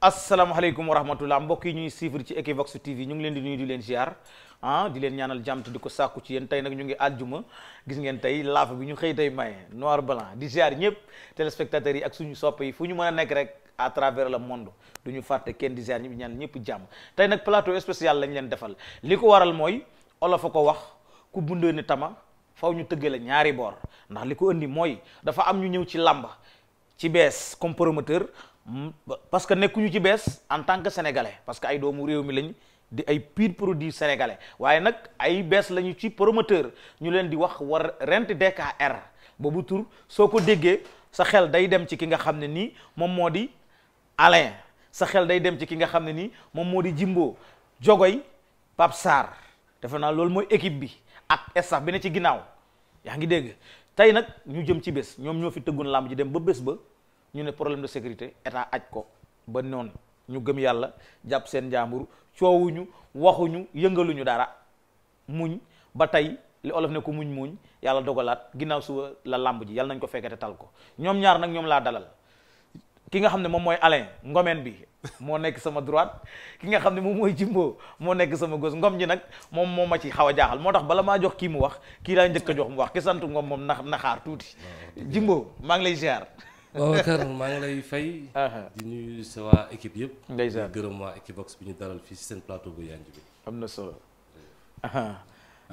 asalaamaaleykum wa rahmatullah mbokk yi ñuy suivre ci Equivox TV ñu ngi leen di nuyu di leen ziar ah di leen ñaanal jàmm te di ko sàkku ci yéen tey nag ñu ngi àjjuma gis ngeen tey laafa bi ñu xëy tey maye noir balan di ziar ñëpp téléspectateurs yi ak suñu soppe yi fu ñu mën a nekk rek à travers le monde du ñu fàtte kenn di ziar ñi ñaan ñëpp jàmm tey nag plateau spécial lañ leen defal li ko waral mooy olof a ko wax ku bundee ni tama faw ñu tëggee la ñaari boor ndax li ko indi mooy dafa am ñu ñëw ci làmba ci bees comme promoteur Mm, parce que nekkuñu ci bees en tant que sénégalais parce que ay doomu réew mi lañ di ay pire produit sénégalais waaye nag ay bees lañu ci promoteur ñu leen di wax war rent DKR boobu tur soo ko déggee sa xel day dem ci ki nga xam ne nii moom moo di Alain sa xel day dem ci ki nga xam ne nii moom moo di Jimbo Jogoy Pape Sarr defe naa loolu mooy équipe bi ak staff bi ne ci ginnaaw yaa ngi dégg tey nag ñu jëm ci bés ñoom ñoo fi tëggoon làmb ji dem ba bés ba ñu ne problème de sécurité état aj ko ba noonu ñu gëm yàlla jàpp seen njàmbur coowuñu waxuñu yëngaluñu dara muñ ba tey li olof ne ko muñ muñ yàlla dogalaat ginnaaw suba la làmb ji yàlla nañ ko fekkee te tal ko ñoom ñaar nag ñoom laa dalal ki nga xam ne moom mooy Alain ngomeen bi moo nekk sama droite ki nga xam ne moom mooy Jimbo moo nekk sama gauche ngom ji nag moom moo ma ci xaw a jaaxal moo tax bala maa jox kii mu wax kii daa njëkk jox mu wax ki sant ngom moom na na xaar tuuti Jimbo maa lay ziar. Babacar maa ngi lay fay. di nuyu sa waa équipe yëpp. ndeysaan di gërëm waa Equivox bi ñu dalal fii seen plateau bu yanj bi. am na solo.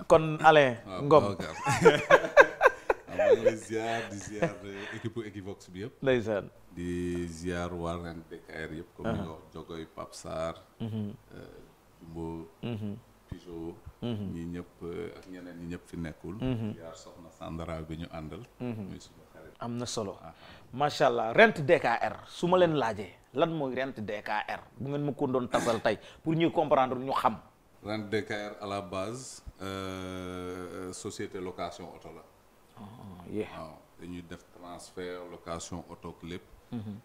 kon Alain ah, Ngom waaw ah, maa ngi lay ziar di ziar bi yëpp. ndeysaan di ziar waa ren DKR yëpp. Mhm. Euh, Jumbo. Mhm. Pigeot. Mhm. ñi ñëpp ak ñeneen ñi ñëpp fi nekkul. ziar soxna Sandra bi ñu àndal. am na solo macha allah rent DKR su ma leen laajee lan mooy rent DKR bu ngeen ma ko doon tasal tey pour ñuy comprendre ñu xam. rent DKR à la base euh, société location auto la. Ah, dañuy def transfert location auto lépp. bu mhm.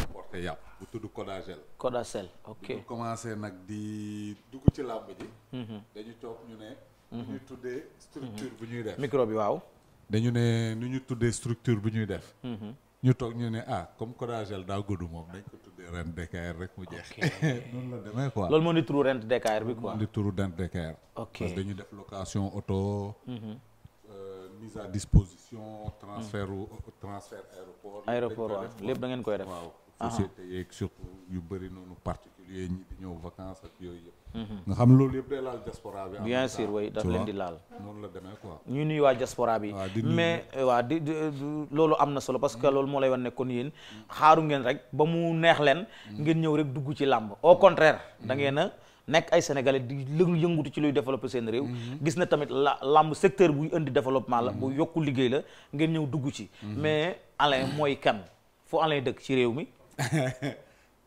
importé yàpp bu tudd Codagel. Codagel ok bu commencé nag di dugg ci làmb ji. Mhm. dañu toog ñu ne. bu mhm. ñuy tuddee structure bu ñuy def waaw. dañu ne nu ñu tuddee structure bi ñuy def. Mhm. ñu toog ñu ne ah comme Codagel daa gudd moom dañ ko tuddee rent DKR rek mu jeex. noonu la demee quoi. loolu moo di turu rent DKR bi quoi. moo di turu rent DKR. ok parce que def location auto. Mhm. mise à disposition. transfert transfert aéroport. aéroport waaw lépp da ngeen koy def waaw. société yeeg surtout yu bëri noonu particulier ñi ñëw vacances ak yooyu mhm. nga xam loolu yëpp day laal diaspora bi. bien sûr way daf leen di laal. noonu la waa diaspora bi. mais waa di loolu am na solo parce que loolu moo lay wan ne kon xaaru ngeen rek ba mu neex leen. Mm. ngeen ñëw rek dugg ci làmb au contraire da ngeen nekk ay sénégalais di lëglu yëngutu ci luy développer seen réew mhm. gis na tamit la làmb secteur buy indi développement la bu mhm. yokku liggéey la ngeen ñëw dugg ci mhm. mais Alain mooy kan fu Alain dëkk ci réew mi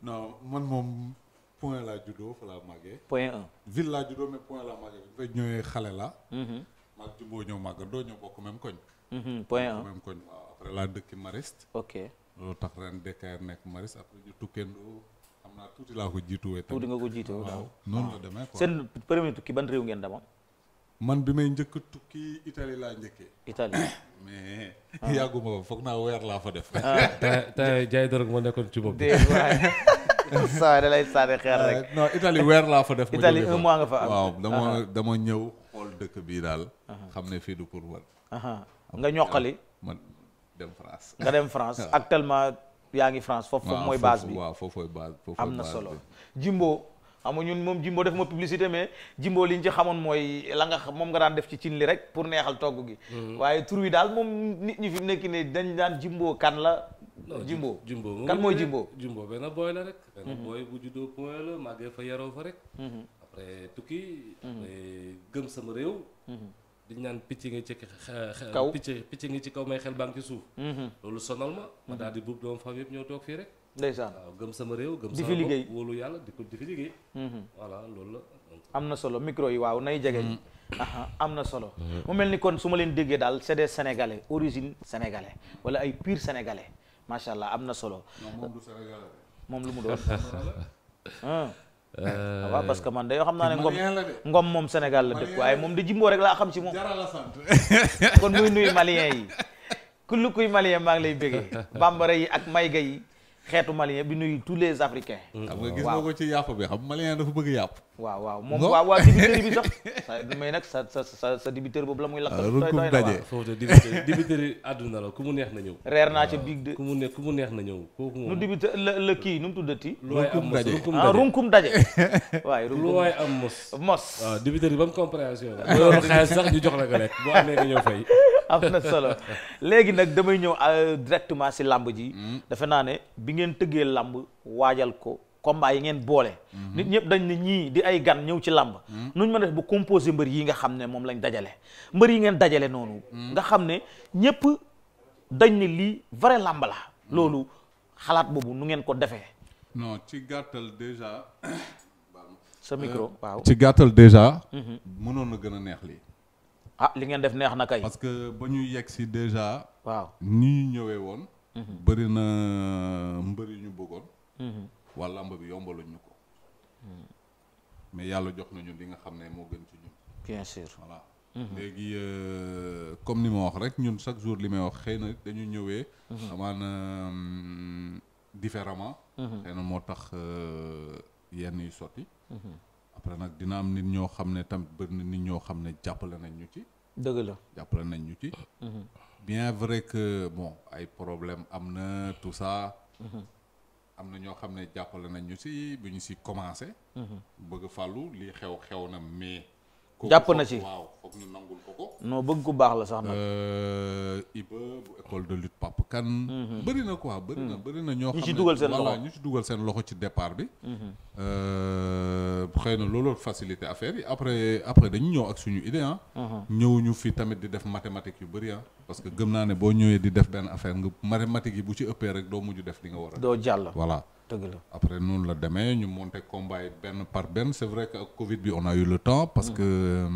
non man moom point la juddoo fa la màggee point un ville la juddoo mais point la màggee bu fay ñëwee doo ñëw bokk même koñ point un koñ waaw après la dëkki Mariste ok loolu tax ren DKR nekk Mariste après ñu tukkendoo xam naa tuuti laa ko jiituwee. tuuti nga ko jiituwee daaw noonu la demee quoi. seen premier tukki ban réew ngeen demoon. man bi may njëkk tukki Italie laa njëkkee. Italie mais. yàgguma ba foog naa weer laa fa def. Ah. te jaay dara ma nekkoon ci bopp. saa da lay saani xeer euh, rek. weer laa fa def. ma Italie un mois nga waaw dama dama ñëw xool dëkk bii daal. xam ne fii du pour man. nga ñoqali. man dem France. nga dem France actuellement. yaa ngi France foofu mooy baas bi waaw foofu mooy am na solo Jimbo xam nga ñun moom Jimbo def ma publicité mais Jimbo li ñu ci xamoon mooy la nga moom nga daan def ci cin li rek pour neexal togg gi mhm. waaye tur wi daal moom nit ñi fi nekk ne dañ daan Jimbo kan la Jimbo Jimbo kan mooy Jimbo Jimbo benn booy la rek benn mhm. booy bu juddoo point la màggee fa yaroo fa rek mhm. tukki après gëm sama réew li ñu naan picc ngi ci kaw picc picc ngi ci kaw may xel banque ci suuf. Mhm. loolu sonal ma. ma mhm. daal di buub doom yëpp ñëw toog fii rek. ndeysaan waaw gëm sama réew. gëm sama bopp wóolu yàlla di ko di fi liggéey. Mhm. voilà loolu la. am na solo micro yi waaw nay jege. am na solo. mu mel ni kon su ma leen déggee daal c'est des sénégalais origine sénégalais wala ay pur sénégalais macha allah am na solo. moom lu mu doon. Ah. Euh, ah, waaw parce que man de yoo xam naa ne ngom ngom moom Sénégal la dëkk waaye moom di Jimbo rek laa xam ci moom kon muy nuyu malien yi kullu kuy malien maa ngi lay béggee bambara yi ak mayga yi xeetu malien bi nuyu tous les africains xam nga gis nga ko ci yàpp bi xam malien dafa bëgg yàpp waaw waaw moom waaw waaw dibiteri bi sax may nag sa sa sa sa dibiteri boobu la muy lakk ah, doy na waaw foofu dibiteri dibiteri àdduna la ku mu neex na ñëw reer naa ca biig de ku mu neex mu neex na ñëw kooku moom la la kii nu mu tuddati looy am mos runkum ah, daje runkum daje waaye looy am mos mos waaw ah, dibiteri ba mu compréhension loolu xaalis sax ñu jox la ko rek boo amee nga ñëw fay am na solo léegi nag damay ñëw euh, directement si làmb ji mm. defe naa ne bi ngeen tëggee làmb waajal ko combat yi ngeen boole. Mhm. nit ñëpp dañ ne ñii di ay gan ñëw ci làmb mhm. nuñ mën a def bu composé mbër yi nga xam ne moom lañ dajale mbër yi ngeen dajale noonu. Mhm. nga xam ne ñëpp dañ ne lii vrai làmb la. loolu xalaat boobu nu ngeen ko defee. non ci gàttal déjà. sa micro euh, waaw ci gàttal déjà. mënoon na gën a neex lii. ah li ngeen def neex na kay. parce que ba ñu yegg si déjà. waaw ni ñu ñëwee woon. bëri na mbëri ñu bëggoon. waa làmb bi yombaluñ ñu ko. mais yàlla jox nañu li nga xam ne moo gën ci ñun. bien sûr voilà. Mhm. léegi euh, comme ni ma wax rek ñun chaque jour li may wax xëy na dañu ñëwee. Mhm. amaana euh, différemment. Mhm. xëy moo tax euh, yenn yu sotti. après nag dina am nit ñoo xam ne tamit bëri na nit ñoo xam ne jàppale nañ ñu ci. dëgg jàppale nañ ñu ci. bien vrai que bon ay problème am na tout ça. am na ñoo xam ne jàppale nañ ñu si bi ñu si commencé. Mm-hmm. bëgg fàllu li xew xew na mais. jàpp na ci waaw foog ñu nangul ko ko. non bëgg ku baax la sax nag. Euh, Iba bu école de lutte Pape kan mhm. bëri na quoi bëri na mhm. bëri na ñoo. xam ne ñu seen loxo ñu ci dugal seen loxo ci départ bi. Mhm. Euh, xëy na looloo facilité affaire yi après après dañu ñëw ak suñu idée ah. ñëw ñu fi tamit di def mathématique yu bëri ah. parce que gëm naa ne boo ñëwee di def benn affaire nga mathématique yi bu ci ëppee rek doo mujj def di nga war a. doo jàll voilà. dëgg après noonu la demee ñu monté combat yi benn par benn c'est vrai que ak Covid bi on a eu le temps. parce mm. que euh,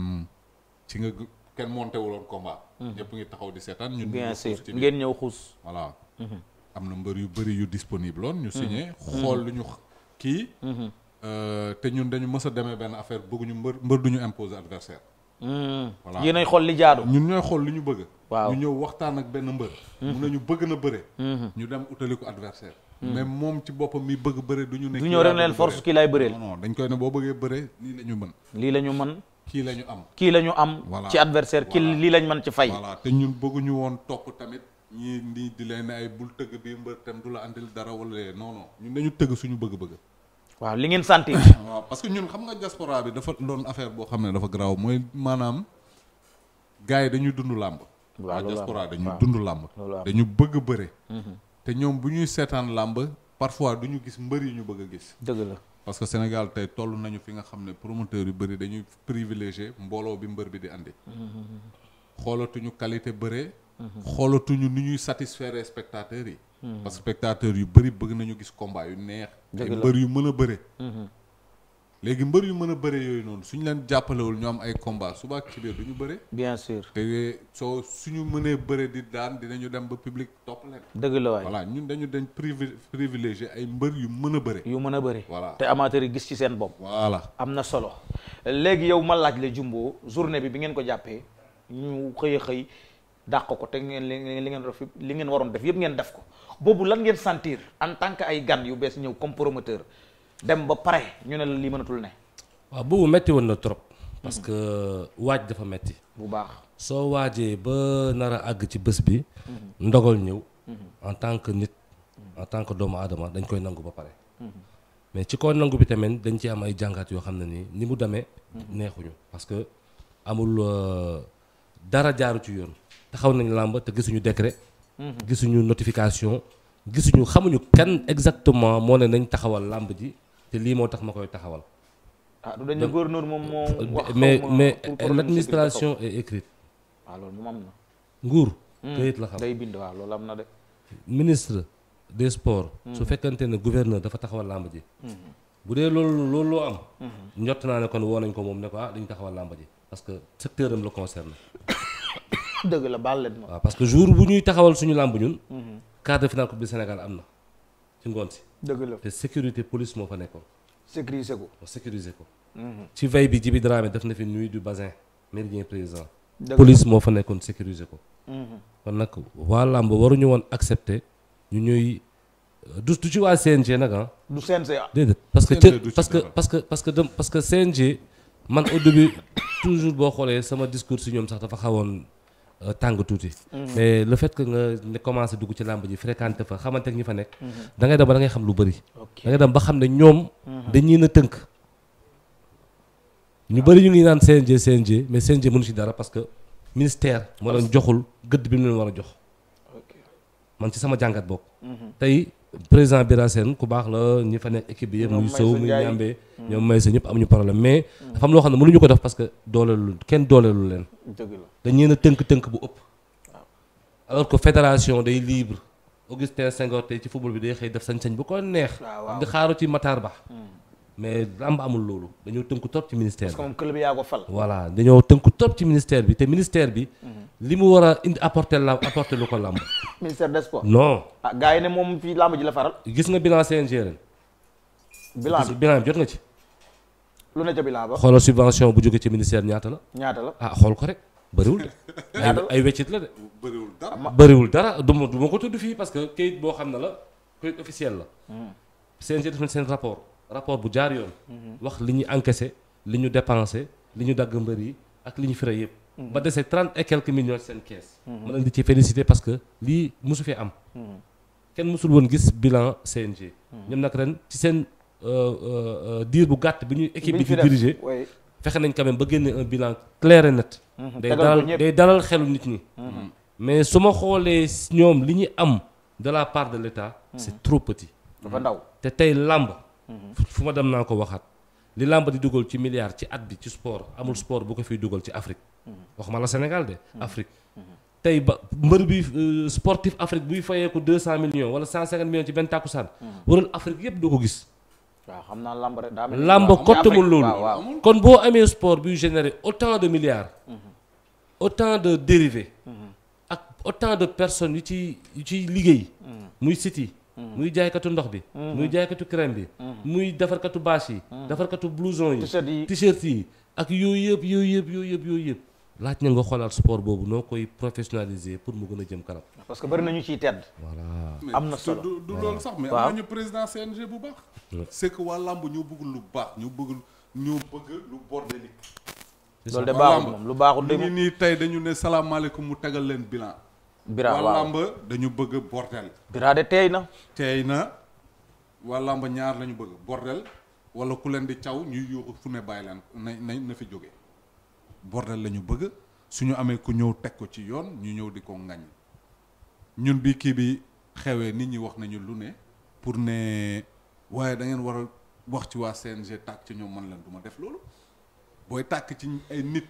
ci nga kenn monté wuloon combat. Mm. ñëpp ngi taxaw di seetaan ñun. bien sûr ngeen ñëw xuus. voilà mm-hmm. am na mbër yu bëri yu disponible woon. ñu mm-hmm. signé mm-hmm. xool lu ñu kii. Euh, te ñun dañu mës a demee benn affaire bëgguñu mbër mbër duñu imposer adversaire voilà yéen xool li jaadu. ñun ñooy xool li ñu bëgg. waaw ñu ñëw waxtaan ak benn mbër. mun ñu bëgg na bëre. ñu dem utali ko adversaire Hmm. mais moom ci boppam mi bëgg bëre du ñu ne. du ñëw rek leen force kii laay bëreel. non dañ koy ne boo bëggee bëre lii la ñu mën. lii la ñu mën. kii la ñu am. kii la ñu am. ci adversaire kii lii lañ mën ci fay. voilà te ñun bëgguñu woon topp tamit. ñii nii di leen ne ay bul tëgg bii mbër tam du la andil dara wala non non ñun dañu tëgg suñu bëgg-bëgg. waaw li ngeen sentir. parce que ñun xam nga diaspora bi dafa doon affaire boo xam ne dafa garaaw mooy maanaam gars yi dañuy dund làmb. waaw diaspora dañuy dund làmb. dañu bëgg bëre. Mm-hmm. te ñoom bu ñuy seetaan làmb parfois du ñu gis mbër yi ñu bëgg a gis. dëgg la parce que Sénégal tey toll nañu fi nga xam ne promoteur yu bëri dañuy privilégié mbooloo bi mbër bi di andi. Mm-hmm. xoolatuñu qualité bëree. Mm-hmm. xoolatuñu ni ñuy satisfaire spectateurs yi. Mm-hmm. parce que spectateurs yu bëri bëgg nañu gis combat yu neex. dëgg mbër yu mën a bëre. léegi mbër yu mën a bëre yooyu noonu suñu leen jàppalewul ñu am ay combat suba ak ci biir du ñu bëre. bien sûr te soo suñu mënee bëre di daan dinañu dem ba public topp leen. dëgg la waay voilà ñun dañu dañ privilégié ay mbër yu mën a bëre. yu mën a bëre voilà te amateurs gis ci seen bopp. voilà am na solo. léegi yow ma laaj la Jumbo journée bi bi ngeen ko jàppee ñu xëy xëy dàq ko te ngeen li ngeen li ngeen waroon def yëpp ngeen def ko boobu lan ngeen sentir en tant que ay gan yu bees ñëw comme dem ba pare ñu ne la lii mënatul ne. waaw boobu metti woon na trop. parce que waaj dafa metti bu baax soo waajee ba nar a àgg ci bés bi. Mhm. ndogal ñëw. Mhm. en tant que nit en tant que doomu aadama dañ koy nangu ba pare. Mhm. mais ci kaw nangu bi tamit dañ ci am ay jàngat yoo xam ne nii ni mu demee. neexuñu parce que amul euh, dara jaaru ci yoon. taxaw nañ làmb te gisuñu décret. gisuñu notification gisuñu xamuñu kenn exactement moo ne nañ taxawal làmb ji. te lii moo tax ma koy taxawal. ah du dañu gouverneur moom moo wax mais mais l'administration est écrite. waaw ah, loolu moom am na. nguur. Hmm, këyit la xam day bind waaw loolu am na de. ministre des sports. Hmm. su fekkante ne gouverneur dafa taxawal làmb ji. Hmm. bu dee loolu loolu loo am. njott naa ne kon woo nañ ko moom ne ko ah dañu taxawal làmb ji parce que secteur am la concerne. dëgg la baal leen ma. waaw parce que jour bu ñuy taxawal suñu làmb ñun. quart de finale coupe du Sénégal am na ci ngoon si. dëgg te sécurité police moo fa nekkoon. sécuriser ko sécuriser ko. Mhm. ci veille bi Djiby Dramé def na fi nuit du bassin méridien président. police moo fa nekkoon sécuriser ko. Mhm. kon nag waa làmb waruñu woon accepter ñu ñuy du du ci waa CNG nag ah. du CNG ah. déedéet parce que parce que parce que parce que parce que CNG man au début toujours boo xoolee sama discours si ñoom sax dafa xawoon. Euh, tàng tuuti. Mhm. mais le fait que nga commencé dugg ci làmb ji fréquenté fa xamante ak ñi fa nekk. Mhm. da ngay dem ba da xam lu bëri. da ngay dem ba xam ne ñoom. dañ mhm. dañuy na tënk. ñu bëri ñu ngi naan CNG CNG mais CNG mënu si dara parce que ministère moo leen joxul gëdd bi mu leen war a jox. man ci sama jàngat bokk. président Bira Sène ku baax la ñi fa nekk équipe bi yëpp muy sow muy ñàmbee mm. ñoom may sa ñëpp amuñu problème mais dafa am loo xam ne mënuñu ko def parce que dooleelu kenn dooleelu leen dañ leen a tënk-tënk bu ëpp alors que fédération day libre Augustin Senghor tey ci football bi day xëy def sañ-sañ bu ko neex ah, di xaaru ci Matar Ba mm. mais làmb amul loolu dañoo tënku trop ci ministère bi. parce que moom club yaa tënku trop ci ministère bi te ministère bi. Mhm. li mu war a indi apporter la apporter lu ko làmb. ministère des sports non. ah gars yi ne moom fii làmb ji la faral. gis nga bilan CNG ren. bilan bi bilan jot nga ci. lu ne ca bilan ba. xoolal subvention bu jóge ci ministère ñaata la. ñaata la ah xool ko rek bëriwul de. ñaata ay weccit la de. bariwul dara duma dara du ma du ma ko tudd fii parce que kayit boo xam ne la kayit officiel la. Hmm. CNG def na seen rapport. rapport bu jaar yoon. wax li ñu encaissé li ñu dépensé li ñu dagg mbër yi ak li ñu frais yëpp. ba dese trente et quelques millions ci seen kees. ma indi ci félicité parce que lii mosu fee am. kenn mosul woon gis bilan CNG. ñoom nag ren ci seen euh, euh, euh, diir bu gàtt bi ñu équipe bi di diriger. fexe nañ quand ba génne un bilan clair et net. Mhm. day dalal day xelu nit ñi. Mhm. Mhm. mais su ma xoolee ñoom li ñu am de la part de l' état. c' est trop petit. dafa ndaw te tey làmb. fu ma dem naa ko waxaat li làmb di dugal ci milliards ci at bi ci sport amul sport bu ko fi dugal ci Afrique waxuma la Sénégal de Afrique tey ba mbër bi euh, sportif Afrique buy fayee ko deux cent million wala cent cinquante millions ci benn tàkkusaan waral Afrique yëpp doo ko gis waaw xam naa làmb rek daa làmb kottamul loolu kon boo amee sport buy générer autant de milliards autant de dérivés ak autant de personnes yu ci yu ciy liggéey mm. muy site Mm-hmm. muy jaaykatu ndox bi mm-hmm. muy jaaykatu crème bi mm-hmm. muy defarkatu bâche yi defarkatu blouson yi t-shirt yi ak yooyu yëpp yooyu yëpp yooyu yëpp yooyu yëpp laaj na nga xoolaat sport boobu noo koy professionnaliser pour mu gën a jëm kanam parce que bari nañu ciy tedd voilà am na solo du loolu sax mais am ñu président CNG bu baax c'est que waa làmb ñoo bëgg lu baax ñoo bëgg ñoo bëgg lu bordélique loolu de baaxul moom lu baaxul de nii nii tey dañu ne salaamaaleykum mu tegal leen bilan bira waaw làmb dañu bëgg bordel. bira de teey na. teey na waa làmb ñaar lañu bëgg bordel wala ku leen di caw ñuy yuuxu fu ne bàyyi leen na na fi jóge bordel lañu bëgg su ñu amee ku ñëw teg ko ci yoon ñu ñëw di ko ngañ ñun bi kii bi xewee nit ñi wax nañu lu ne pour ne waaye da ngeen war a wax ci waa CNG tàkk ci ñoom man leen du ma def loolu booy tàkk ci ay nit.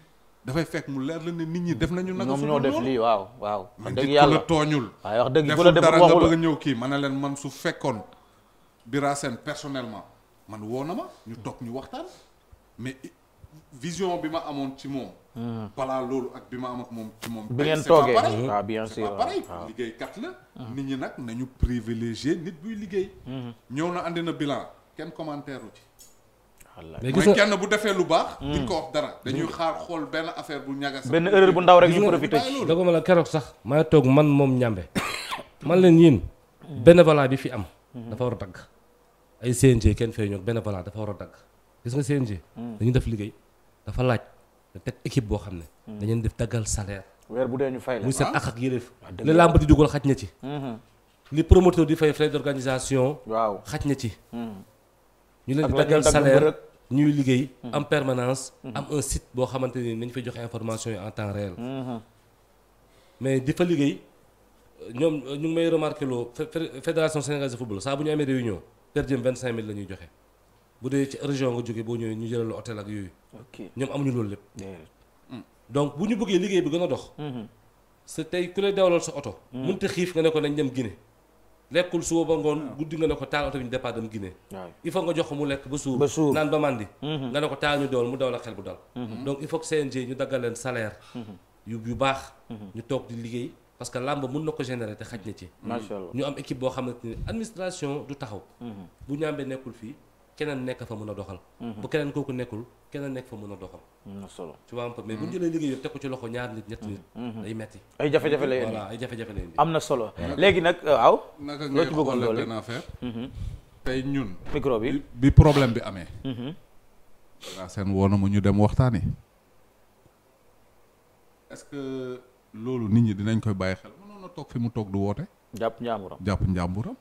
dafay fekk mu leer la ne nit ñi def nañu. naka ñoom ñoo def lii waaw waaw. dëgg yàlla man ku la tooñul. waaw wax dëgg dara nga bëgg a ñëw kii ma ne leen man su fekkoon Bira Sène personnellement man woo na ñu toog ñu waxtaan mais vision bi ma amoon ci moom. Hmm. balaa loolu ak bi ma am ak moom ci moom. bi ngeen toogee ah, waaw bien sûr la. Hmm. nit ñi nag nañu privilégié nit buy liggéey. Hmm. ñëw na andi na bilan kenn commentaire ci. mais kenn bu defee lu baax. Hmm. duñ ko wax dara hmm. dañuy xaar xool benn affaire bu ñagas. benn erreur bu ndaw rek ñu profité ci. doguma la keroog sax maa toog moom ñàmbe man leen yéen hmm. bénévolat bi fi am. dafa war a dagg. ay CNG kenn fee benn bénévolat dafa war a dagg gis nga CNG. dañuy def liggéey dafa laaj te teg équipe boo xam ne. dañu def daggal salaire. weer bu dee ñu fay la muy seen ah. ak ak yëleef. li ah, làmb di dugal xaj na ci. li promoteur di fay frais d'organisation. waaw xaj na ci. ñu leen di daggal salaire ñuy liggéey en mm-hmm. permanence mm-hmm. am un site boo xamante ni nañ fa joxe information yi en temps réel mm-hmm. mais di fa liggéey ñoom euh, ñu ngi may remarqué loo fédération sénégalaise de football saa bu ñu amee réunion per diem vingt cinq mille la ñuy joxe bu dee ci région nga jógee boo ñëwee ñu jëlal la hôtel ak yooyu ñoom amuñu loolu lépp mm. donc bu ñu bëggee liggéey bi gën a dox sa tey ku lay dawalal sa oto mënta mm. xiif nga ne ko nañ dem Guinée lekkul suba ba ngoon guddi nga ne ko taal oto bi ñu départ dem Guinée il faut nga jox ko mu lekk ba suur naan ba màndi mhm. nga ne ko taal ñu dool mu daw la xel bu dal mhm. donc il faut que CNG ñu daggal leen salaire mhm. yu baax ñu toog di liggéey parce làmb mën na ko générer xaj na ci ñu am équipe boo xamante ni administration du taxaw bu ñaambee nekkul fii keneen nekk fa mën a doxal bu keneen kooku nekkul kenn nekk fa mën a doxal. na solo tu vois un peu mais bu mm. ñu jëlee liggéey yëpp teg ko ci loxo ñaar nit ñett nit. Mm-hmm. day metti ay jafe-jafe lay indi voilà am na solo léegi nag waaw. Euh, naka ngay xoolal benn affaire. Mm-hmm. tey ñun. micro bi bi problème bi amee. waa mm-hmm. seen woon mu ñu dem waxtaani est loolu nit ñi dinañ koy bàyyi xel mënoon na toog fi mu toog du woote. jàpp njàmburam jàpp njàmburam.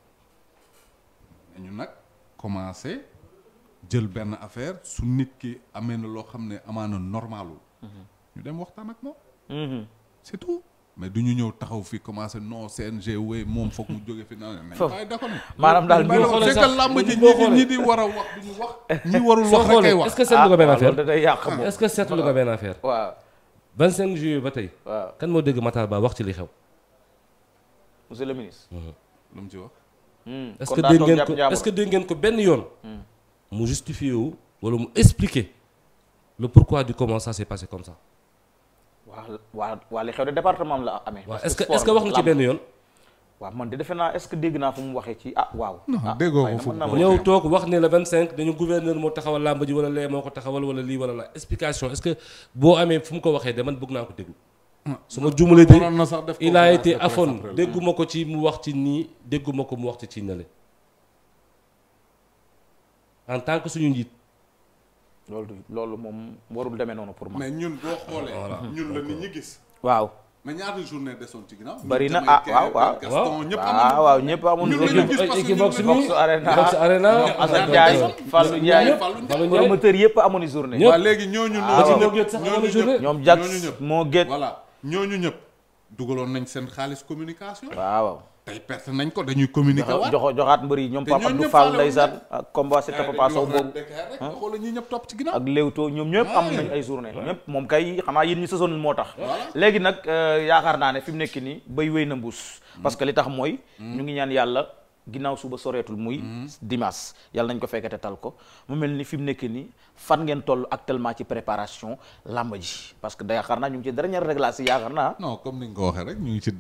ñu nag commencé. jël benn affaire su nit ki amee na loo xam ne amaana normalul ñu dem waxtaan ak moom. c'est tout. mais du ñu ñëw taxaw fi commencé non CNG wey moom foog mu jóge fi naan. foofu maanaam daal bu ñu xoolee sax làmb ji ñi ñi di war a wax du ñu wax. ñi warul wax rek kay wax est-ce que seetlu ko ah, que seetlu ko benn affaire. waaw. 25 ba tey. waaw moo dégg Matar Ba wax ci li xew. monsieur mm-hmm. lu mu ci wax. Hmm. est-ce que dégg ngeen ko est-ce ko benn yoon. Hmm. mu justifié wu wala mu expliquer le pourquoi du comment ça s'est passé comme sax waaw waa waaw li xew de département am la amee. waaw est que wax nga ci benn yoon. waaw man de naa est mu waxee ci ah, waaw. ah déggoo ko fu toog wax ne la le 25 dañu gouverneur moo taxawal làmb ji wala lee moo ko taxawal wala lii wala la explication est que boo amee fu mu ko waxee de man bëgg naa ko déglu. Ah, su ma jumulee de il a été aphone dégguma ko ci mu wax ci nii dégguma ko mu wax ci ci nale. en tant que suñu njiit. loolu loolu moom warul demee noonu pour man. mais ñun boo xoolee. ñun la nit ñi gis. waaw. mais ñaata journée desoon ci ginnaaw. bari na ah waaw waaw waaw waaw ñëpp ah, amoon. ñun ñu ngi gis équipe box bi box arena. Assane Ndiaye yëpp amoon i journée. ñëpp waaw léegi ñooñu. ñooñu ñoom Jax moo gét. voilà ñooñu ñëpp dugaloon nañ seen xaalis communication. waaw. tey perte nañ ko dañuy communiquer waat jox joxaat mbër yi ñoom Pape Abdou Fall ndeysaan ak combat si Papa Sow boobu xoolal ñi ak Leewtoo ñoom ñëpp am nañ ay journée ñëpp moom kay xanaa yéen ñu saison moo tax léegi nag euh, yaakaar naa ne fi mu nekk nii bay wéy na mbuus parce que li tax mooy ñu ngi ñaan yàlla ginnaaw suba soreetul muy dimas yàlla nañ ko fekkete tal ko mu mel ni fi mu nekk nii fan ngeen toll actuellement ci préparation làmb ji parce que yaakaar naa ñu ngi ci dernier réglage yi yaakaar ñu ngi ci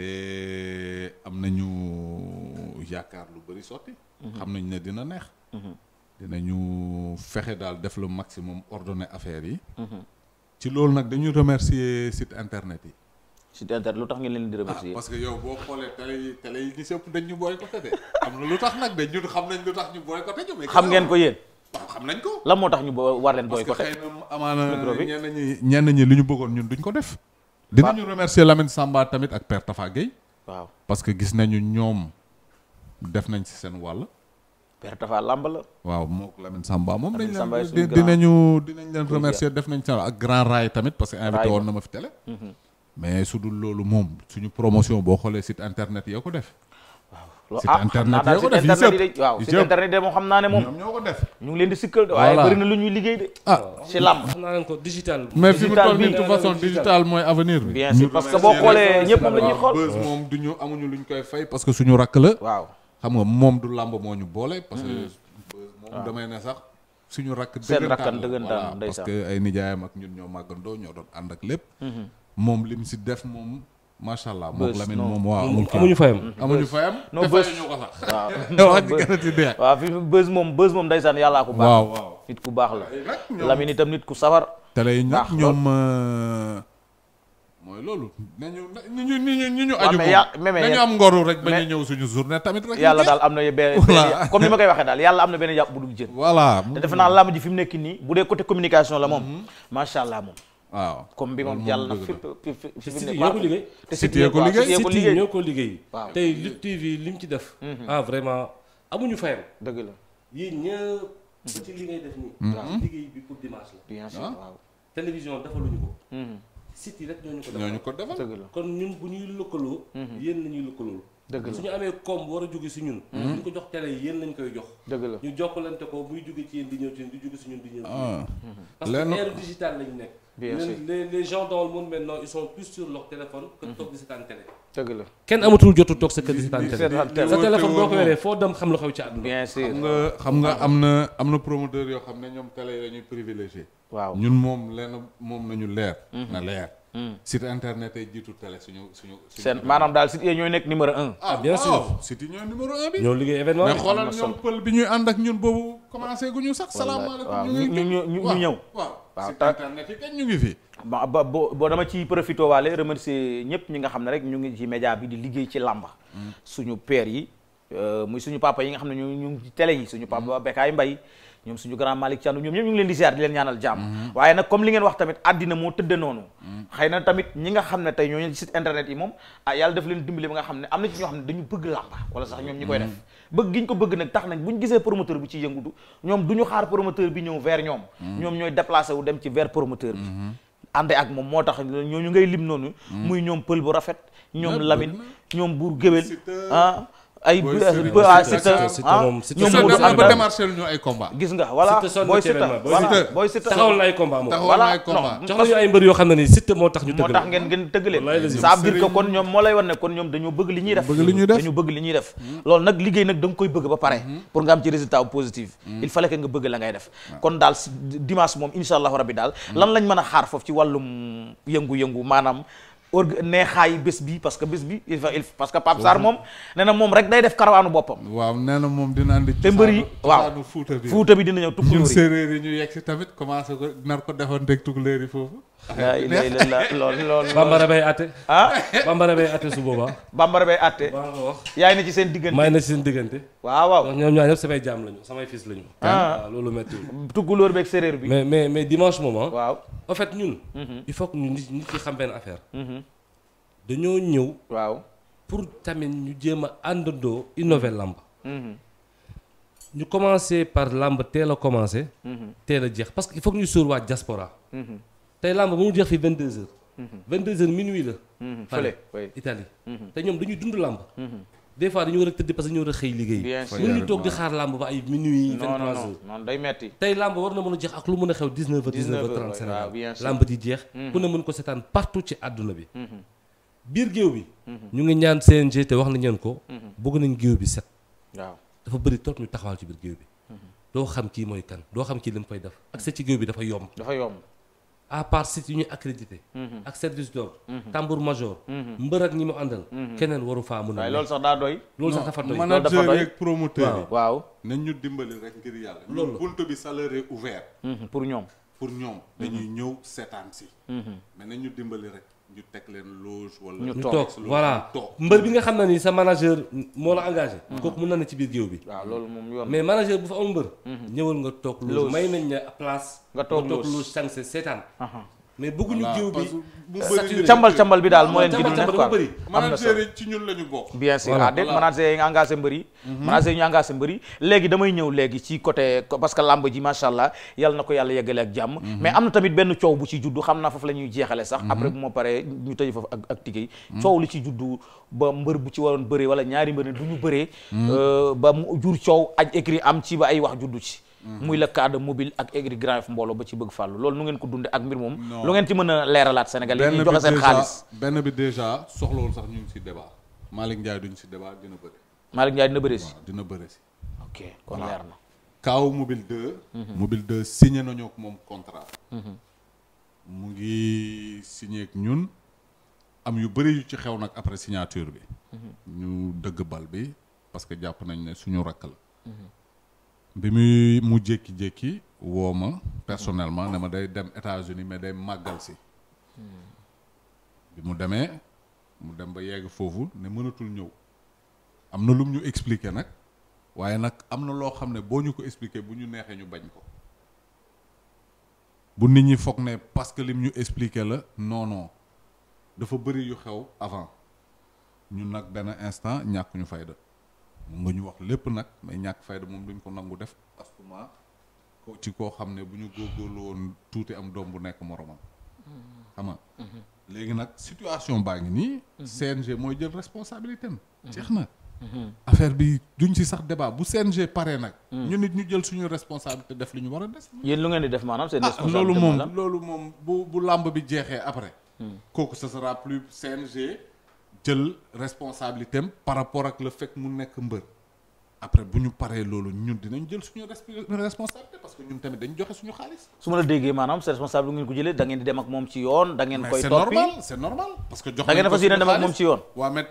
te am nañu yaakaar lu bëri sotti. xam nañ ne dina neex. Mhm. ñu fexe daal def le maximum ordonné affaire yi. Mhm. ci loolu nag dañu remercier site internet yi. site internet lu tax ngeen leen di remercier. Ah, parce que yow boo xoolee télé yi télé ñu sëpp dañ ñu boycotté de am na lu tax nag de ñun xam ngeen ko yéen. waaw nañ ko. lan moo tax ñu war leen boycotté. parce que xëy na amaana ñenn ñi lu ñu bëggoon ñun duñ ko def. ñu remercier Lamine Samba tamit ak Père Tafa Gueye. parce que gis nañu ñoom def nañ ci seen wàll. Père Tafa lamb la. waaw moom Lamine Samba moom. dañ leen dinañu dinañ leen remercier def nañ seen ak Grand Ray tamit parce que invité woon na ma fi télé. Mhm. mais su dul loolu moom suñu promotion boo xoolee site internet yoo ko def. Ah, site internet yi ko def yi sëpp internet yi moom xam naa ne moom ñoo ko def ñu ngi leen di sikkal de waaye bëri lu ñuy liggéey de ah si làmb ko digital mais fi mu toll nii de façon digital mooy avenir bi bien parce que du ñu amuñu luñ koy fay parce que suñu rakk la waaw xam nga moom du làmb moo ñu boole parce que hmm. moom ah. damay sax suñu rakk dëggantaan dëggantaan parce que ay nijaayam ak ñun ñoo màggandoo ñoo doon ànd ak lépp hmm. moom lim si def moom macha allah moom Lamine moom waaw amul kii amuñu fayam fayam te fayuñu ko sax waaw wax ji gën a ci dee waaw fi bës moom bës moom ndeysaan yàllaa ko baax waaw waaw baax la Lamine itam nit ku safar te lay nag euh, loolu nañu ñu ñu ñu ñu aju moom nañu am ngoru rek ba ñu ñëw suñu journée tamit rek yàlla daal am na benn comme koy waxee daal yàlla am na benn yàpp bu dul jën voilà te defe naa làmb fi mu nekk nii bu dee côté communication la moom mm-hmm. macha allah moom waaw comme bi moom jàll na fépp fi fi nekk ko liggéey te Siteu ko liggéey waaw tey Lutte TV li mu ci def mhm. ah vraiment amuñu fayam dëgg la yéen ñëpp ci li ngay def nii mhm. waaw liggéey bi pour dimanche la bien sûr ah. waaw télévision defaluñu ko Siteu mhm. rek ñooñu ko defal ñooñu dëgg la kon ñun bu ñuy lëkkaloo yéen la ñuy lëkkaloo dëgg la su ñu amee koom war a jóge si ñun ñu ko jox télé yéen lañ koy jox dëgg la ñu jokkalante ko buy jóge ci yéen di ñëw ci yéen di jóge si ñun di ñëw ah. parce que ère bien sûr les les gens dans le monde maintenant ils mhm. am na am na promoteur yoo xam ne ñoom télé yi la ñuy privilégié. waaw ñun moom lenn moom nañu leer. Mhm. na leer. Mhm. site internet maanaam daal site yi ñooy nekk numéro un. ah bi. ñoo liggéey événement mais xoolal ñoom pël bi ñuy ànd ak ñun boobu commencé guñu ñu ngi ñu ñu ñu ñëw waaw te internet yi kañ ñu ngi fi. ba ba boo dama ci profité waale remercier ñëpp ñi nga xam ne rek ñu ngi ci média bi di liggéey ci làmba mm. suñu père yi euh, muy suñu papa yi nga xam ne ñu ñu ngi ci télé yi suñu papa mm. Bekaay Mbaye ñoom suñu grand Malick Thiandou ñoom ñëpp ñu ngi leen di di leen ñaanal jàmm mm. waaye nag comme li ngeen wax tamit àddina moo tëdd noonu xëy na tamit ñi nga xam ne tey ñooñu site internet yi moom ah yàlla daf leen dimbali ba nga xam ne am na ci ñoo xam ne dañu bëgg làmba wala sax ñoom ñi koy def bëgg gi ñu ko bëgg nag tax nañ bu ñu gisee promoteur bu ci yëngudu ñoom du ñu xaar promoteur bi ñëw weer ñoom hmm. ñoom ñooy déplacé wu dem ci vers promoteur bi hmm. ànd ak moom moo tax ñu ngay lim noonu hmm. muy ñoom pël bu rafet ñoom Lamine ñoom buur géwél ah ay booy ñu ay combat gis nga voilà booy Siteu booy Siteu taxawal na ay combat moom voilà jox ay mbër yoo xam ne nii Siteu moo tax ñu tëgg moo tax ngeen ngeen tëgg leen ça veut kon ñoom moo lay wan ne kon ñoom dañoo bëgg li ñuy def dañu bëgg li ñuy def loolu nag liggéey nag da nga koy bëgg ba pare mm-hmm. pour nga am ci résultat positif mm-hmm. il fallait que nga bëgg la ngay def kon daal dimanche moom insha allahu rabbi daal mm-hmm. lan lañ man a xaar foofu ci wàllum yëngu-yëngu maanaam org neexaayu bés bi parce que bés bi il fa il parce que Pape Sarr moom nee na moom rek day def karawaanu boppam. waaw nee na moom dina andi. te mbër yi waaw fuuta bi dina ñëw tukkulóor yi ñun séeréer yi ñu yegg si tamit commencé ko nar ko defanteeg tukkulóor yi foofu. la ilaha illallah lool lool bambara bay atte ah bambara bay atte su boobaa bambara bay atte yaay na ci seen diggante may na ci seen diggante waaw waaw ñoom ñaar ñëpp samay jaam lañu samay fils lañu ah. Ah, séréer bi mais mais mais dimanche moment waaw en fait ñun mhm. il faut que ñu nit nit ki xam benn affaire mhm. ñu jéem a àndandoo innover làmb mhm. ñu commencé par làmb teel a a jeex parce ñu sóor waa tey làmb ba mu jeex fi 22h. 22h mhm. minuit la. Mhm. fële Italie. Mhm. te ñoom dañuy dund làmb. des fois dañu war a tëdd parce que ñu war a xëy liggéey. bien sûr mënuñu xaar làmb ba ay minuit. day metti. tey làmb war na mën a jeex ak lu mën a xew 19h 19h30 Sénégal làmb di jeex. ku ne mën ko seetaan partout ci àdduna bi. biir géew bi. ñu ngi ñaan CNG te wax nañ leen ko. bëgg nañ géew bi set. waaw dafa bëri toog ñu taxawal ci biir géew bi. doo xam kii mooy kan doo xam kii li mu def accès ci géew bi dafa yomb. dafa yomb à part site yu ñu accrédité. Mhm. ak service d'ordre. Mhm. tambour major. Mhm. mbër ak ñi mu àndal. keneen waru faa mun loolu sax daa doy. loolu sax dafa doy loolu dafa doy manager ak ñu dimbali rek ngir yàlla. loolu buntu bi salaire est ouvert. pour ñoom. pour ñoom dañuy ñëw seetaan si. mais nañ ñu dimbali rek. ñu teg leen loge wala. toog voilà mbër bi nga xam ne ni sa manager moo la engagé. Mm-hmm. kooku mën na ne ci biir géew bi. waaw loolu moom yoon mais manager bu fa amul mbër. Mm-hmm. ñëwal nga toog loge may nañ la nga toog loge nga seetaan. mais bëgguñu jiw bi cambal bëri bi daal moo leen gidul nekk quoi am na solo ci ñun lañu bokk bien sûr ah déet manager yi engagé mbër yi mhm. manager yi ñu engagé mbër léegi damay ñëw léegi ci côté parce que làmba ji macha allah yàlla na ko yàlla yeggale ak jàmm mhm. mais am na tamit benn coow bu ci juddu xam naa foofu la ñuy jeexale sax mhm. après bu ma paree ñu tëj foofu ak ak tigéey coow li ci juddu ba mbër bu ci waroon bëree wala ñaari mbër ne du ñu bëree euh, ba mu jur coow aj écrit am ci ay wax juddu ci Mhm. muy le cadre mobile ak aigri Grand Yoff mbooloo ba ci bëgg fàllu loolu nu ngeen ko dunde ak mbir moom lu ngeen ci mën a leeralaat Sénégal yi ñu joxe seen xaalis benn bi déjà soxlawul sax ñu ngi si débat Malick Ndiaye ñu si débat dina bëri Malick Ndiaye dina bëri si dina bëri si ok kon leer na Kaaw mobile de mhm. mobile 2 signé nañoo moom contrat mhm. mu ngi signé ak ñun am yu bëri yu ci xew nag après signature bi ñu dëgg bal bi parce que jàpp nañ ne suñu rakk la bi muy mu jékki-jékki woo ma personnellement ne ma day dem États-Unis mais day màggal si bi mu demee mu dem ba yegg foofu ne mënatul ñëw am na lum ñu expliquer nag waaye nag am na loo xam ne boo ñu ko expliquer bu ñu neexee ñu bañ ko bu nit ñi foog ne parce que lim ñu expliquer la noonoo dafa bëri yu xew avant ñun nag benn instant ñàkk ñu fayda mun nga ñu wax lépp nag mais ñàkk fayda moom duñ ko nangu def astuma ko ci koo xam ne bu ñu góorgóorlu woon tuuti am doom bu nekk moromam mm-hmm. xam mm-hmm. léegi nag situation baa ngi nii mm-hmm. CNG mooy jël responsabilité am jeex na affaire bi duñ ci sax débat bu CNG pare nag mm. ñu nit ñu jël suñu responsabilité def lu ñu war a des yéen lu ngeen di def maanaam ah, loolu moom loolu moom bu bu làmb bi jeexee après mm. kooku ce CNG jël responsabilité am par rapport ak le fekk mu nekk mbër après bu ñu paree loolu ñun dinañ jël suñu responsabilité parce que ñun tamit dañ joxe suñu xaalis. su ma la déggee maanaam c'est responsable bu ngeen ko jëlee da ngeen di dem ak moom ci que jox da a fas yéene dem ak moom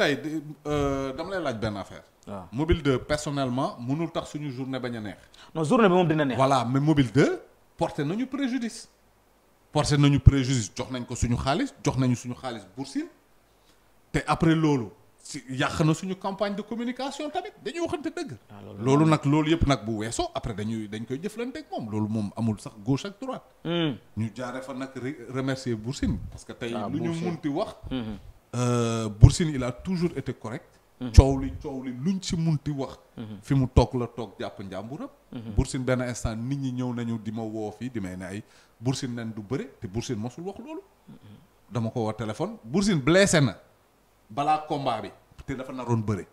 euh, laaj benn affaire. mobile 2 personnellement mënul tax suñu journée bañ a neex. moom dina neex. voilà mais mobile 2 porté nañu préjudice. porté nañu préjudice jox nañ ko suñu xaalis jox nañu suñu xaalis Bour Sine te après loolu si yàq na suñu campagne de communication tamit dañuy waxante dëgg. Ah, loolu nag loolu yëpp nag bu weesoo après dañuy dañ koy jëflanteeg moom loolu moom amul sax gauche ak droite. Hmm. ñu jaaree fa nag remercier Boursine. parce que tey ah, lu ñu ti wax. Hmm. Euh, Boursine il a toujours été correct. Hmm. coow li coow li si mun ti wax. fi mu toog la toog jàpp njàmburam. Boursine benn instant nit ñi ñëw nañu di ma woo fii di may ne ay Boursine nen du bëre te Boursine mosul wax loolu. dama ko woo téléphone Boursine blessé na. balaa combat bi te dafa naroon bëre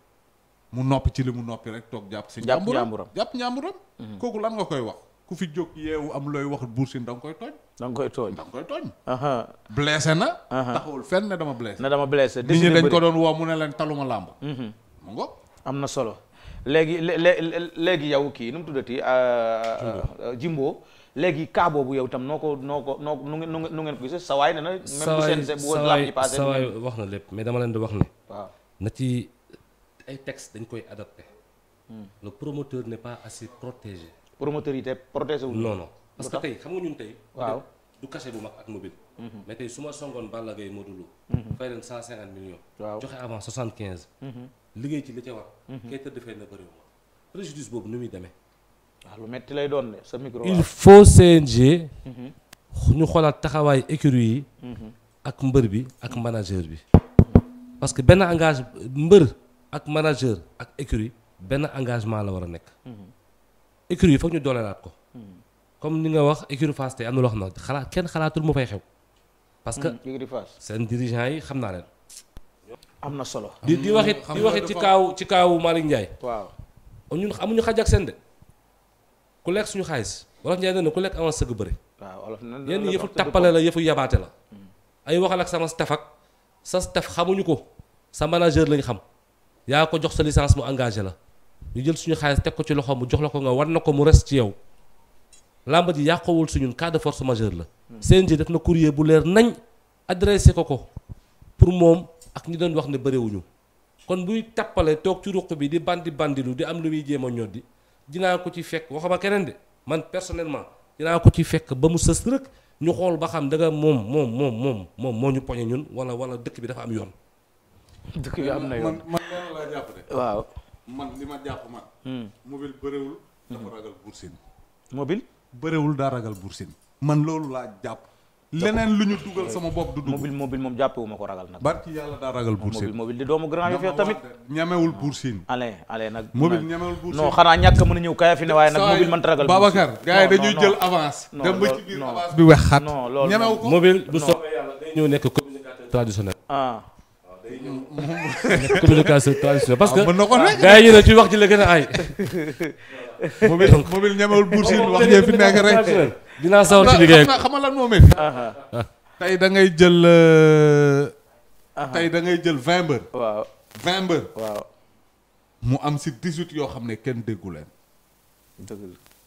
mu noppi ci li mu noppi rek toog jàpp si njàmburam jàpp njàmburam mhm. kooku lan nga koy wax ku fi jóg yeewu am looy wax buur si da koy tooñ da koy tooñ da nga koy tooñ blessé na taxawul fenn ne dama blessé ne dama blessé nit ñi dañ ko doon woo mu ne leen taluma làmb mu mhm. ngoog am na solo léegi léegi yow kii nu mu tuddati euh, Jimbo euh, léegi cas boobu yow tam noo ko noo ko noo nu ngeen nu ngeen ko gisee sawaay ne na même bu seen bu lam yi passé sawaay wax na lépp mais dama leen di wax ne waaw na ci ay texte dañ koy adapté hmm. le promoteur n'est pas assez protégé promoteur yi te protégé wu non non parce que tey xam nga ñun tey waaw du cachet bu mag ak mobile hmm. mais tey su ma songoon Balla Gaye Modou Lo hmm. fay leen cent cinquante millions waaw joxe avant soixante quinze liggéey ci li ca war kay tëdd fay na bëriwu ma préjudice boobu nu muy demee lu metti lay doon de sa micro il faut CNG. Mhm. ñu xoolaat taxawaay écurie yi. Mhm. ak mbër bi ak manager bi. parce que benn engage mbër ak manager ak écurie benn engagement la war a nekk. Mhm. écurie yi foog ñu dooleelaat ko. comme ni nga wax écurie Fass tey am na loo xam ne xalaat kenn xalaatul mu fay xew. parce que seen dirigeant yi xam naa leen. am na solo. di di waxit di waxit ci ci kaawu Malick Ndiaye. waaw ñun amuñu xaj ak seen de. ku lekk suñu xaalis wolof Njaay ne ku lekk avance sëgg bëri. waaw wolof nan yenn yëfu tappale la yëfu yabaate la. Hmm. ay waxal ak sama staf ak sa staf xamuñu ko sa manager lañ xam yaa ko jox sa licence mu engagé la ñu jël suñu xaalis teg ko ci loxo mu jox la ko nga war na ko mu res ci yow. làmb ji yàqowul suñun cas de force majeure la. Hmm. CNG def na courrier bu leer nañ adressé ko ko pour moom ak ñi doon wax ne bëriwuñu kon buy tappale toog ci ruq bi di bandi bandilu di am lu muy jéem a ñoddi dinaa ko ci fekk waxuma keneen de man personnellement dinaa ko ci fekk ba mu sës rek ñu xool ba xam da nga moom moom moom moom moom moo ñu poñe ñun wala wala dëkk bi dafa am yoon. dëkk bi am na yoon man man ma jàpp man. Hmm. mobile bëriwul. dafa hmm. ragal Bour mobile bëriwul daa ragal Bour man loolu laa jàpp. leneen lu ñu dugal sama bopp du dugg mobile mobile moom jàppewu ma ko ragal nag barki yàlla daa ragal Buur Sine mobile di doomu grand yo fi tamit ñemewul Buur Sine allez allez nag mobile ñemewul Buur Sine non xanaa ñàkk mën a ñëw kaya fi ne waaye nag mobile mënta ragal Babacar gars yi dañuy jël avance dem ba ci biir avance bi wex xat non loolu ñemewu ko mobile bu soobee yàlla day ñëw nekk communicateur traditionnel ah communication traditionnelle parce ah, que gars yi ñu ne ci wax ci la gën a ay mobile mobile ñemewul Buur Sine wax jee fi nekk rek dinaa sawar ci liggéey xam na lan moo mel. tey da ngay jël. Euh, tey da ngay jël vingt mbër. waaw vingt waaw mu am si dix yoo xam ne kenn déggu leen.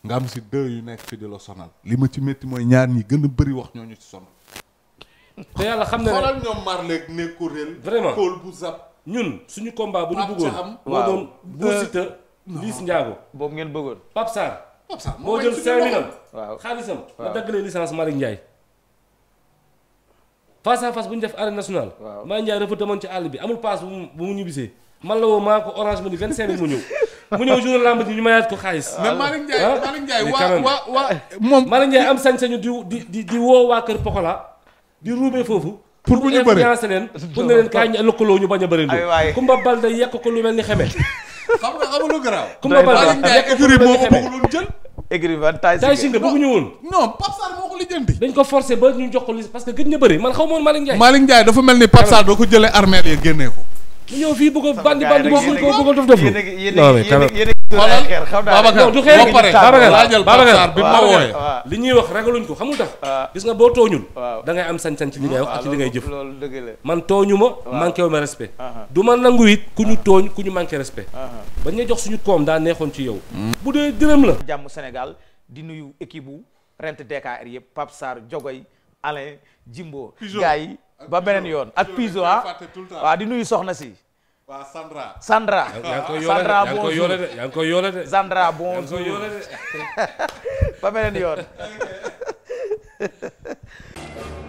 nga am si deux yu nekk fi di la sonal. li ma ci métti mooy ñaar ñi gën a bëri wax ñooñu ci sonal. te yàlla xam na ne xoolal ñoom Marley nekk kuréel. vraiment bu zap. ñun suñu combat bu ñu bëggoon. am moo doon Bou Siteu euh, boobu ngeen bëggoon Pape Opsa moo jël cinq millions xaalisam. waaw ma daggalee licence Malick Ndiaye. face bu ñu def arène nationale. waaw Malick Ndiaye dafa demoon ci àll bi amul paas bu mu bu ñibbisee man la woo maa ko orange ma ni vingt cinq mille mu ñëw. mu ñëw jour ji ñu mayaat ko xaalis. mais Malick ah? am sañ-sañu di di di woo waa Kër Pokola di ruubee foofu. pour bu ñu bëree pour influencer leen pour Kumba Balde yekk ko lu mel ni xeme xam nga xam nga lu garaaw. doy na waaw écurie moo ko bëggoon jël. écurie ba Tay Shinger bëgguñu woon. non Pape Sarr moo ko lijjanti. dañ ko forcer ba ñu jox ko parce que gën na bëri man xaw ma woon dafa mel ni Pape Sarr doo ko jëlee armée yi génnee ko a bandi bandi boo bëgg a dof dof li ñuy wax ragaluñ ko xamul tax gis nga boo tooñul da ngay am sañ-sañ ci li ngay wax ak ci li ngay jëf man tooñu ma ma respect du ma nangu it ku ñu tooñ ku ñu manqué respect bañ nga jox suñu koom daa neexoon ci yow mm. bu dee dërëm la jàmm Sénégal di nuyu équipe bu Rent DKR yëpp Pape Sarr Jogoy Alain Jimbo ba beneen yoon ak Piso ah waaw di nuyu soxna si. waaw Sandra. Sandra. Sandra bonjour ba beneen yoon.